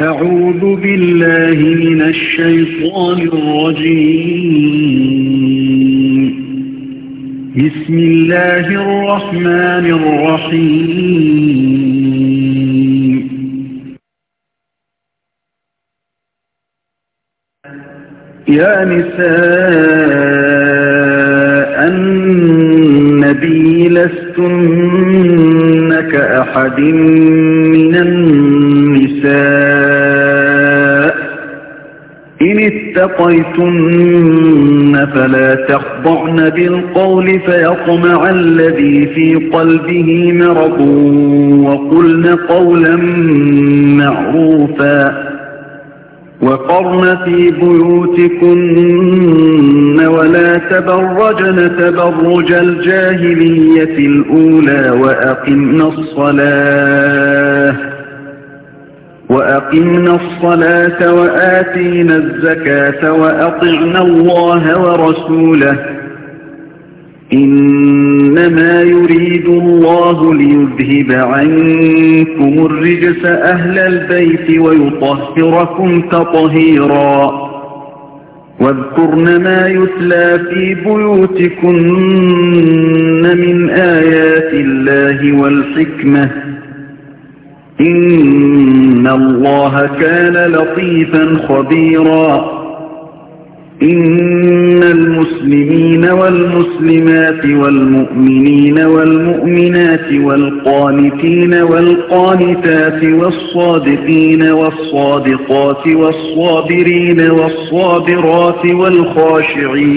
أعوذ بالله من الشيطان الرجيم بسم الله الرحمن الرحيم يا نساء النبي لستن كأحد إن اتقيتن فلا تخضعن بالقول فيطمع الذي في قلبه مرض وقلن قولا معروفا وقرن في بيوتكن ولا تبرجن تبرج الجاهلية الأولى وأقمن الصلاة وأقمنا الصلاة وآتينا الزكاة وأطعنا الله ورسوله إنما يريد الله ليذهب عنكم الرجس أهل البيت ويطهركم تطهيرا واذكرن ما يتلى في بيوتكن من آيات الله والحكمة إن الله كان لطيفا خبيرا إن المسلمين والمسلمات والمؤمنين والمؤمنات والقانتين والقانتات والصادقين والصادقات والصابرين والصابرات والخاشعين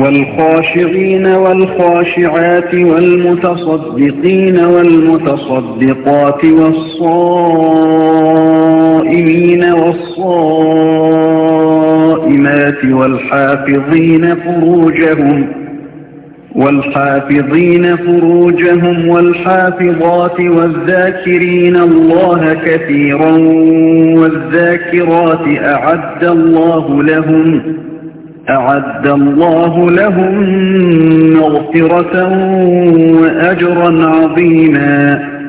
والخاشعين والخاشعات والمتصدقين والمتصدقات والصائمين والصائمات والحافظين فروجهم والحافظين فروجهم والحافظات والذاكرين الله كثيرا والذاكرات أعد الله لهم أعد الله لهم مغفرة وأجرا عظيما